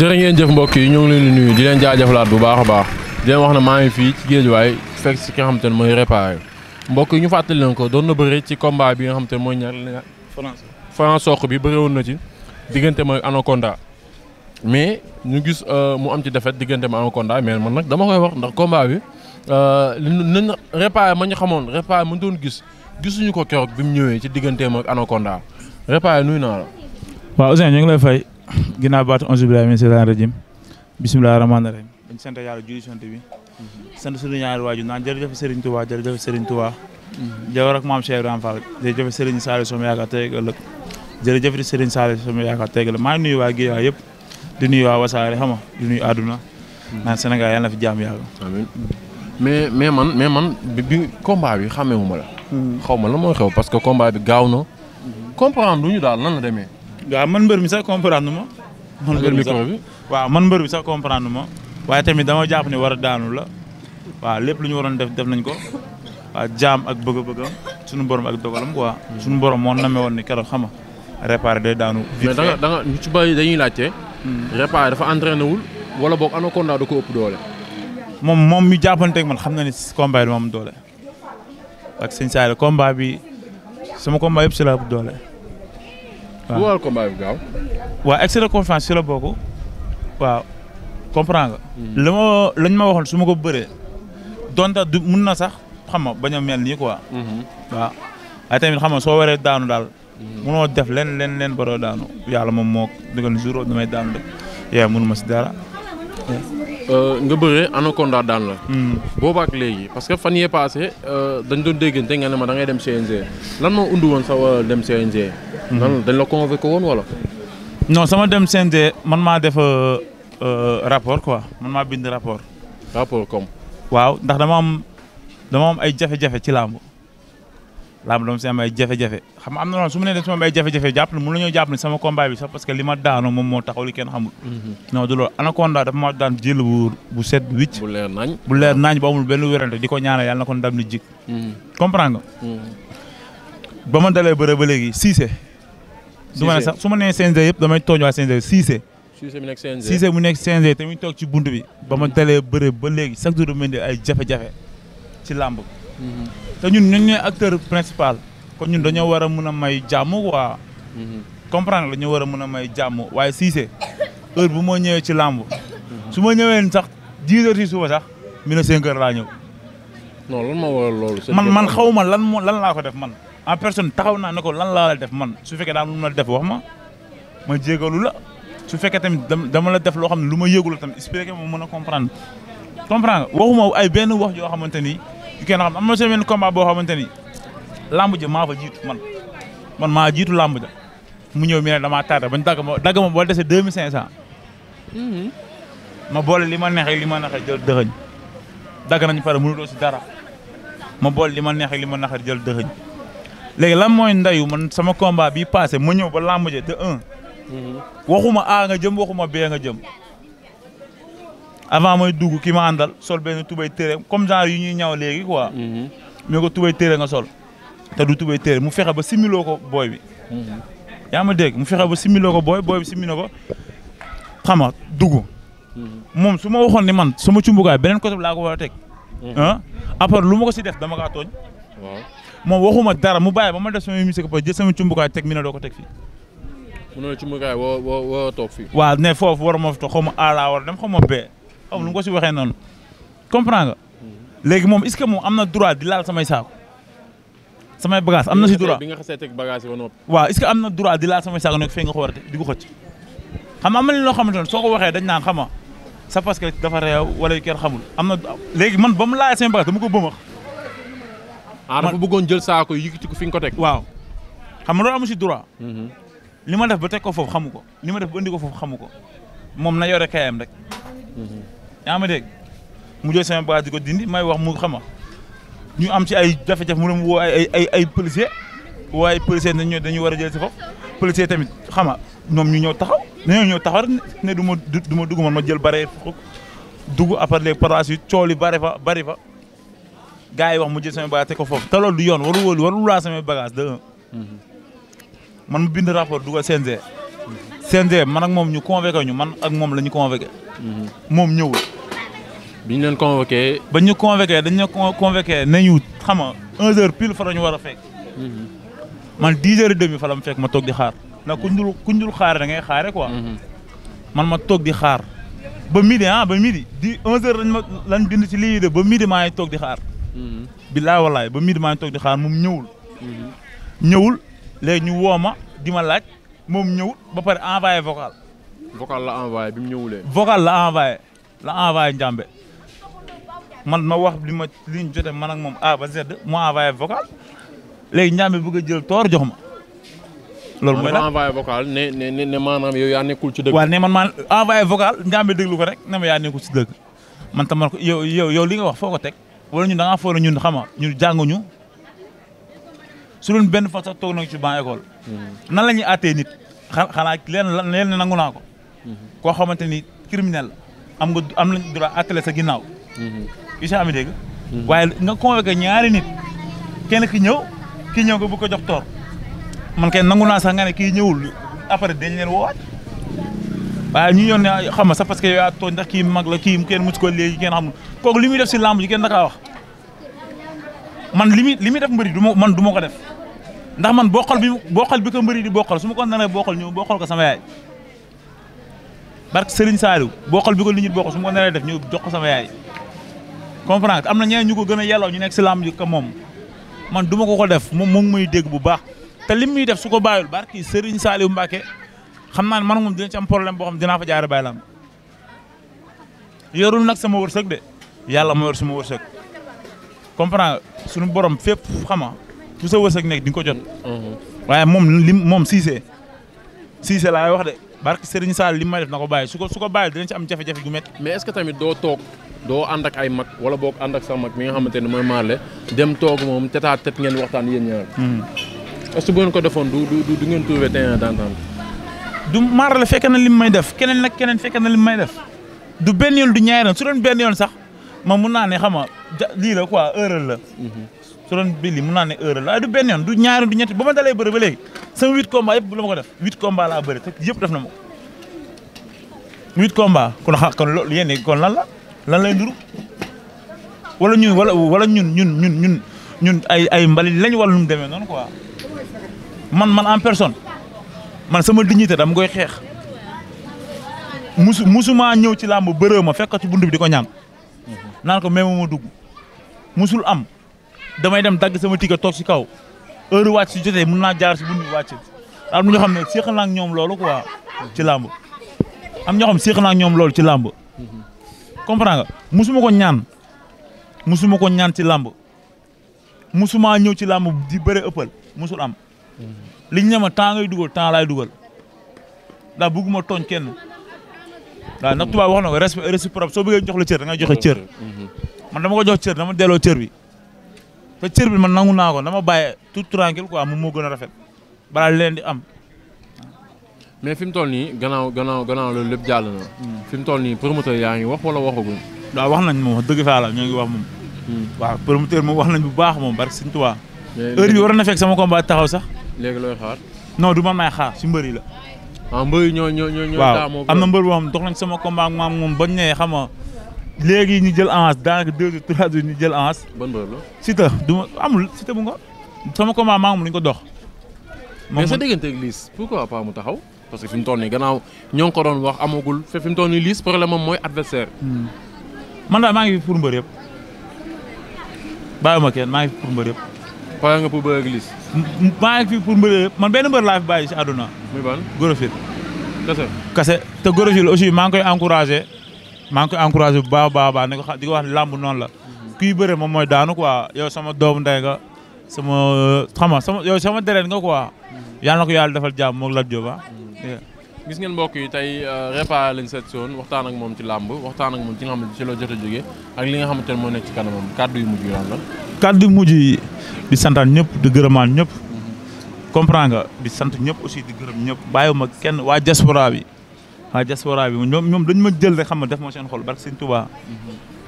jërë ngeen jëf mbokk yi ñoo ngi leen di nuyu di leen bu baax a baax di wax na maa ngi fii ci géejuwaay fekk si ki xam te ne mooy réparé mbokk yi ñu fàttali nañ ko doon na bëri ci combat bi nga xam te ne mooy ñaar France soq bi bëri woon na ci diggante mooy Anaconda mais ñu gis euh, mu am ci defet diggante ma Anaconda mais man nag dama koy wax ndax combat bi nañ euh, réparé ma xamoon réparé ma doon gis gisuñu ko keroog bi mu ñëwee ci digganteem ak Anaconda naa la. waaw Ousseynou ñu ngi lay ginnaaw baatu onze billahi min seytaan rajim bisimilah rahmaani rahim dañ sant yàlla julli sant bi sant suñu ñaari waaju naan jërëjëf Serigne Touba jërëjëf Serigne Touba jawar ak maam Cheikh Ibrahima Fall jërëjëf Serigne Saliou sama yaakaar tey ak ëllëg jërëjëf di Serigne Saliou sama yaakaar maa ngi waa Guèye yëpp di nuyu waa Wasaare xam nga di naan Sénégal yàlla na fi jàmm yàlla amiin mais man mais man bi combat bi xamee wu ma la hmm. xaw ma la moo xew parce que combat bi gaaw na comprendre lu ñu daal nan la demee waa man mbër mi sax comprendre ma. man waaw man mbër mi sax comprendre ma. waaye tamit dama jàpp ne war a daanu la waa lépp lu ñu waroon def def nañ ko waaw jaam ak bëgg-bëggam sunu borom ak dogalam quoi. Hmm. suñu borom moo namee woon ni keroog xam nga réparé day daanu. mais da da nga ñu ci bëri dañuy laajte. Hmm. réparé dafa entraîné wul wala boog anaconda da ko ëpp doole. moom moom mi jàppanteeg man xam na ni combat bi moom doole ak sëñ Saal combat bi sama combat yëpp si la doole. waaw waral combat bi gaaw. waaw excès de confiance si la bokk. waaw comprendre nga. Hmm. la ma lañ ma waxoon su ma ko bëree. donta du mun na sax xam nga bañ a mel nii quoi. Hmm. waaw ay tamit xam nga soo waree daanu daal. Hmm. munoo def leen leen leen baroo daanu yàlla moom moo digal jour damay daanu de yaa mënu ma si dara. Euh, nga bëree anaconda daan la. Hmm. boobaa léegi parce que fan yee passé euh, dañ doon déggante nga ne ma da dem CNG lan moo undu woon sa wala euh, dem CNG. Hmm. lan dañ la convoqué woon wala. non sama dem CNG man maa def rapport quoi man maa bind rapport. rapport waaw ndax dama am dama am ay jafe-jafe ci làmb làmb doom si am ay jafe-jafe xam am na su mu ne de su ay jafe-jafe jàpp na mën nañoo jàpp ne sama combat bi sax parce que ma daanu moom moo taxaw li kenn xamul mhm. non du kon anaconda dafa ma daan jël bu bu set wicc bu leer nañ bu leer nañ bu amul benn wérante di ko ñaana yàlla na ko ndam ni jik mhm. comprendre nga mhm. ba ma dalee bëre ba léegi Cissé du ma ne sax su ma nee CNG yëpp damay tooñ waa CNG Cissé Cissé mu nekk CNG Cissé nekk CNG te toog ci bunt bi bama ma dalee bëre ba léegi chaque jour mel ni ay jafe-jafe ci làmb te ñun ñun ñooy acteur principal kon ñun dañoo war a mun a may jàmm quoi. comprendre la ñu war a mun a may jàmm waaye Cissé heure bu moo ñëwee ci làmb su ma ñëwee sax dix heures ci sax mi na cinq heures laa ñëw. non lan moo man man xaw lan moo lan laa ko def man en personne taxaw naa ne ko lan laa la def man su fekke daal lu ma def wax ma ma jégalu la su fekkee tamit dama la def loo xam ne lu ma yëgul la tamit expliqué moom mën a comprendre comprendre waxuma ay benn wax joo xamante ni. yu kenn xam am na seen benn boo xamante ni lamb ja maa fa jiitu man man maa jiitu lamb ja mu ñëw mi ne damaa tardé bañ dagg ma dagg ma boo dese deux mille cinq mhm. ma boole li ma neexee li ma neexee jël dëxëñ dagg nañ pare mënutoo si dara ma boole li ma neexee li ma neexee jël dëxëñ léegi lan mooy ndayu man sama combat bi passé ma ñëw ba lamb ja de un mhm. waxuma A nga jëm waxuma a nga jëm avant mooy dugg ki ma àndal sol benn tubay téere comme genre yu ñuy ñaw léegi quoi. ñu mhm. ko tubay téere nga sol. te du tubay téere mu fexe ba similoo ko booy bi. Mhm. yaa ma dégg mu fexe ba similoo ko booy booy bi similoo nga dugg. Mhm. moom su ma waxoon ni man sama cumbukaay beneen côté laa war a teg. Ah? lu ma ko si def dama kaa tooñ. waaw waxuma dara mu bàyyi ba ma def sama musique ba jël sama cumbukaay teg mi ne doo ko teg fii. mu ne cumbukaay woo toog fii. waaw ne foofu war ma fi toog xaw war dem xaw ma aw nu ko si waxee noonu comprendre nga. Mm-hmm. léegi moom est-ce que moom am na droit di samay saako samay bagage am na si droit bi nga xasee teg bagage ba noppi. waaw est-ce que am na droit di laal samay saako loo xamante ne soo ko waxee dañ naan xama sa parce que dafa réew wala yu kenn xamul am léegi man ba mu laajee seen bagage ko bëmax. ah dafa bëggoon jël saako yëkkati ko fi ko teg. waaw xam nga loolu amu si mm-hmm. li ma def ba teg ko foofu xamu ko li ma def ba indi ko foofu xamu ko moom na yore kayam rek. Mm-hmm. yaa ma dégg mu jël sama bagage di ko dindi may wax mu xama ñu am ci ay jafe-jafe mu dem woo ay ay ay policier woo ay policier dañu war a jël si foofu policier tamit xama ñoom ñu ñëw taxaw dañoo ñëw taxaw ne du ma du ma dugg man ma jël bare fukk dugg après les par la suite bari fa bari fa gars yi wax mu jël sama bagage ko foofu te loolu yoon waru wóolu waru laa sama bagage mhm. man bind rapport dugal CNG CNG man moom ñu convoqué ñu man ak moom lañu ñu convoqué mhm. moom ñëwul bi ñu leen convoqué. ba ñu convoqué dañ ñu convoqué nañu xam nga 11h pile fa la ñu war a fekk. Mm-hmm. man 10h et demi fa la mu fekk ma toog di xaar. na kuñ dul xaar da ngay xaare quoi. Mm-hmm. man ma toog di xaar. ba midi ah ba midi di 11h lañ ma lañ bind ci lii de ba midi maa ngi toog di xaar. Mm-hmm. billaay wallaay ba midi maa ngi toog di xaar moom ñëwul. ñëwul léegi ñu woo ma di laaj moom ñëwul ba pare envoyé vocal. vocal la envoyé bi mu ñëwulee. vocal la envoyé la envoyé Njàmbe. man ma wax li ma li ñu jotee man moom A ba Z mu envoyé vocal léegi ñaam bi a jël toor jox ma. loolu mooy la envoyé vocal ne ci dëgg. waaw man maa envoyé vocal ñaam bi déglu ko rek ne ma yaa nekkul ci dëgg man tam man ko yow yow yow li nga wax foo ko teg wala ñun da ngaa foog ñun xam nga ñun jànguñu su doon benn fa sax toog nañu ci ban école. Mm-hmm. nan la ñuy àttee nit xanaa leen leen nangu naa ko. Mm-hmm. koo xamante ni criminel am nga am nañ droit sa ginnaaw. Mm-hmm. yu am dégg waaye nga convoqué ñaari nit kenn ki ñëw ki ñëw nga bu ko jox toor man kenn nangu naa sax nga ne kii ñëwul après dañ leen woowaat waaye ñu yoon ne xam nga sax parce que yow yaa tooñ ndax kii mag la kii kenn mucc ko léegi kenn xam kooku li muy def si làmb ji kenn dakaa wax man li muy li muy def mbëri du ma man du ma ko def ndax man bokkal bi bokkal bi ko mbari di bokkal su ma ko naree bokkal ñëw bokkal ko sama yaay barke Serigne Saliou bokkal bi ko li ñu bokkal su ma ko naree jox ko sama yaay comprendre am na ñeneen ñu ko gën a yelloo ñu nekk si làmb ji que moom man du ma ko ko def moom mu ngi muy dégg bu baa te lim muy def su ko bàyyul barki Serigne Saliou Mbacke xam naa ne man moom dina ci am problème boo xam dinaa fa jaare bàyyi làmb yorul nag sama wërsëg de yàlla ma yor sama wërsëg comprendre sunu borom fépp xama fu sa wërsëg nekk di nga ko jot mhm. waaye moom lim moom Cissé Cissé laay wax de barke Serigne Sall li may def na ko bàyyi su ko su ko bàyyi dinañ am jafe-jafe gu métti. mais est-ce que tamit doo toog doo ànd ak ay mag wala boog ànd ak sa mag mi nga xamante ni mooy Marley dem toog moom tête à tête ngeen waxtaan yéen ñaar. Hmm. est-ce que bu ngeen ko defoon du du du ngeen trouver terrain d'entente. maar la fekk na lim may def keneen nag keneen fekke na lim may def du benn yoon du ñaay yoon su doon benn yoon sax ma mun naa ne xam nga lii la quoi erreur la. Mhm. su doon bi li mën naa ne heure la waaye du benn yoon du ñaari du ñetti ba ma dalee bëri ba léegi sama huit combat yëpp la ma ko def huit combat laa bëri te yëpp def na ma ko huit kon xa kon loolu yéen kon lan lay nduru wala ñun wala wala ñun ñun ñun ñun ñun ay ay mbalit lañ wala nu mu demee noonu quoi man man en personne man sama dignité dam koy xeex musu maa ñëw ci làmb bëree ma fekk ci buntu bi di ko ñaan naan ko même ma dugg musul am. damay dem dagg sama ticket toog kaw heure wàcc su jotee mën naa jaar si bunt bi wàcc am na ñoo xam ne séeqal naa ak ñoom loolu quoi ci làmb am ñoo xam ne naa ñoom loolu ci làmb comprends nga musuma ko ñaan musuma ko ñaan ci làmb musuma ñëw ci làmb di bëre ëppal musul am liñ ne ma temps ngay dugal temps laay dugal ndax bëgguma tooñ kennu waaw ndax tubaab wax na ko respect soo bëggee jox la cër da ngay joxe cër mm-hmm. man dama ko jox cër dama delloo cër bi te cër bi man nangu naa ko dama bàyyi tout tranquille quoi moom moo gën a rafet balaa leen di am. mais fi mu toll nii gannaaw gannaaw gannaaw loolu lépp jàll na. Hmm. fi mu toll nii promoteur yaa ngi wax wala waxaguñ. waaw wax nañ moom wax dëgg faa ñoo ngi wax moom. Hmm. waaw promoteur moom wax nañ bu baax moom barke Sëñ Tuubaa. heure yi waroon na fekk sama combat taxaw sax. léegi looy xaar. non du ma may xaar si mbër yi la. ah mbër yi am na mbër boo dox nañ sama combat maam moom bañ ne léegi ñu jël avance daanaka deux ou trois jël avance. ban loolu. Siteu ma amul Siteu bu nga sama combat maa ngi ñu ko dox. mais sa diggante ak Liss pourquoi pas mu taxaw. parce que fi mu toll nii gannaaw ñoo ngi ko doon wax amagul fi mu toll nii Liss problème moom mooy adversaire. Hmm. man daal maa ngi fi pour mbër yëpp bàyyi ma kenn maa ngi fi pour mbër yëpp. pare nga pour bëre ak ngi fi pour mbër yëpp man benn mbër laa fi bàyyi si àdduna. muy ban Gorofil. kese kese te Gorofil aussi maa ngi koy encouragé. maa ngi koy encouragé baa baax a baax ko xa di ko wax làmb noonu la. kuy bëre moom mooy daanu quoi yow sama doomu ndey nga sama xama sama yow sama deret nga quoi. yàlla na ko yàlla defal jàmm moo Lat Diop ah. gis ngeen mbokk yi tey euh, Répa lañ seet si waxtaan ak moom ci làmb waxtaan ak moom ci nga xam ne ci la jot a jógee ak li nga xamante ne moo nekk ci kanamam kàddu yu mujj yi lan la. kàddu yu mujj yi di santaan ñëpp di gërëmaan ñëpp. comprendre nga di sant ñëpp aussi di gërëm ñëpp bàyyiwuma kenn waa diaspora bi. waaw diaspora bi ñoom ñoom dañ ma jël rek xam nga def ma seen xol barke sëñ Tuubaa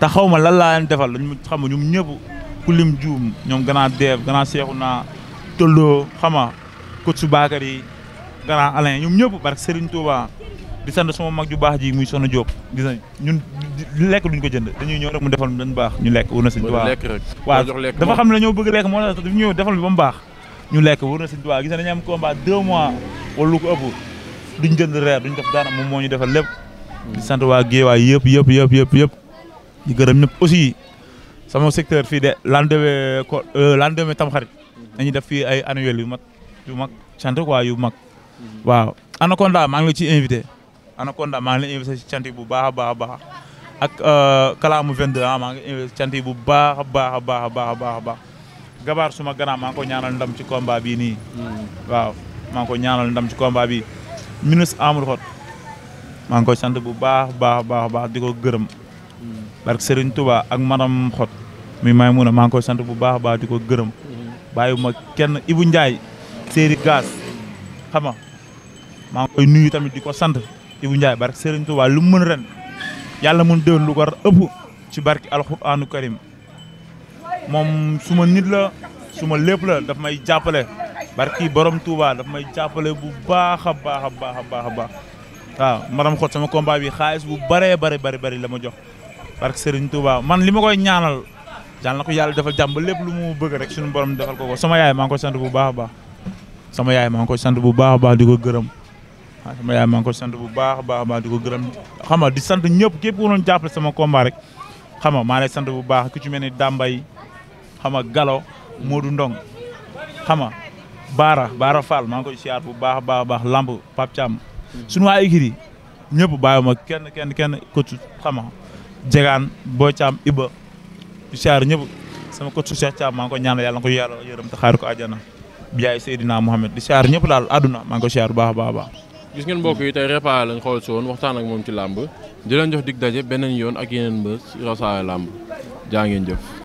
te xaw ma lan laa defal dañ ma xam nga ñoom ñëpp ku lim juum ñoom ganaa deef gannaa seexu naa tolloo xam nga kot su baakar yi gannaa Alain ñoom ñëpp barke Sëriñ Tuubaa di sant sama mag ju baax ji muy Soxna Diop gis nañ ñun lekk duñ ko jënd dañuy ñëw rek mu defal dañ baax ñu lekk wër na sëñ Tuubaa waaw dafa xam ne dañoo bëgg lekk moo tax dañu ñëw defal bi mu baax ñu lekk wër na sëñ Tuubaa gis nañ dañu am combat deux mois wala lu duñ jënd reer duñ def daana moom moo ñu defal lépp. di sant waa Géewaay yëpp yëpp yëpp yëpp yëpp. di gërëm ñëpp aussi sama secteur fii de lendemain ko euh, lendemain tamxarit. dañuy def fii ay annuel yu mag yu mag sant quoi yu mag. waaw Anaconda maa ngi la ci invité. Anaconda maa ngi la invité ci cant yi bu baax a baax a baax. ak euh, kalaamu 22 ans ah, maa ngi invité cant yi bu baax a baax a baax a baax a baax. Gabaar suma gannaaw maa ngi ko ñaanal ndam ci combat bii nii. Hmm. waaw maa ngi ko ñaanal ndam ci combat bii. ministre Amadou Hott maa ngi koy sant bu baax baax baax baax di ko gërëm hmm. barke Serigne Touba ak madame xot mi may mun a maa ngi koy sant bu baax baax di ko gërëm hmm. ma kenn Ibou Ndiaye séeri gaz xam nga maa koy nuyu tamit di ko sant Ibou Ndiaye barke Serigne Touba lu mu mën ren yàlla mun déwén lu ko ëpp ci barke alxuraanu karim moom suma nit la suma lépp la daf may jàppale barki borom Touba daf may jàppale bu baax a baax a baax a baax a baax waaw maram xot sama combat bi xaalis bu bëree bëri bëri bëri la ma jox barki Serigne Touba man li ma koy ñaanal jàll na ko yàlla defal jàmm ba lépp lu mu bëgg rek suñu borom defal ko ko sama yaay maa ngi koy sant bu baax a baax sama yaay maa ngi koy sant bu baax a baax di ko gërëm waaw sama yaay maa ngi koy sant bu baax a baax a baax di ko gërëm xam nga di sant ñëpp képp ku doon jàppale sama combat rek xam nga maa lay sant bu baax ku ci mel ni Dambay xam nga Galo Modou Ndong xam nga Baara Baara Fall maa ngi koy siyaar bu baax a baax a baax lamb Pape Thiam. suñu waa écurie ñëpp bàyyiwuma kenn kenn kenn coach xama jegaan boo Thiam Iba di siyaar ñëpp sama coach Cheikh Thiam maa ngi koy ñaanal yàlla na ko yàlla yërëm te xaar ko àjjana biyaay Seydina Mohamed di siyaar ñëpp daal àdduna maa ngi koy siyaar bu baax baax a baax. gis ngeen mbokk yi tey Repa lañ xool si woon waxtaan ak moom ci làmb di leen jox dig daje beneen yoon ak yeneen mbës Wassare làmb jaa ngeen jëf.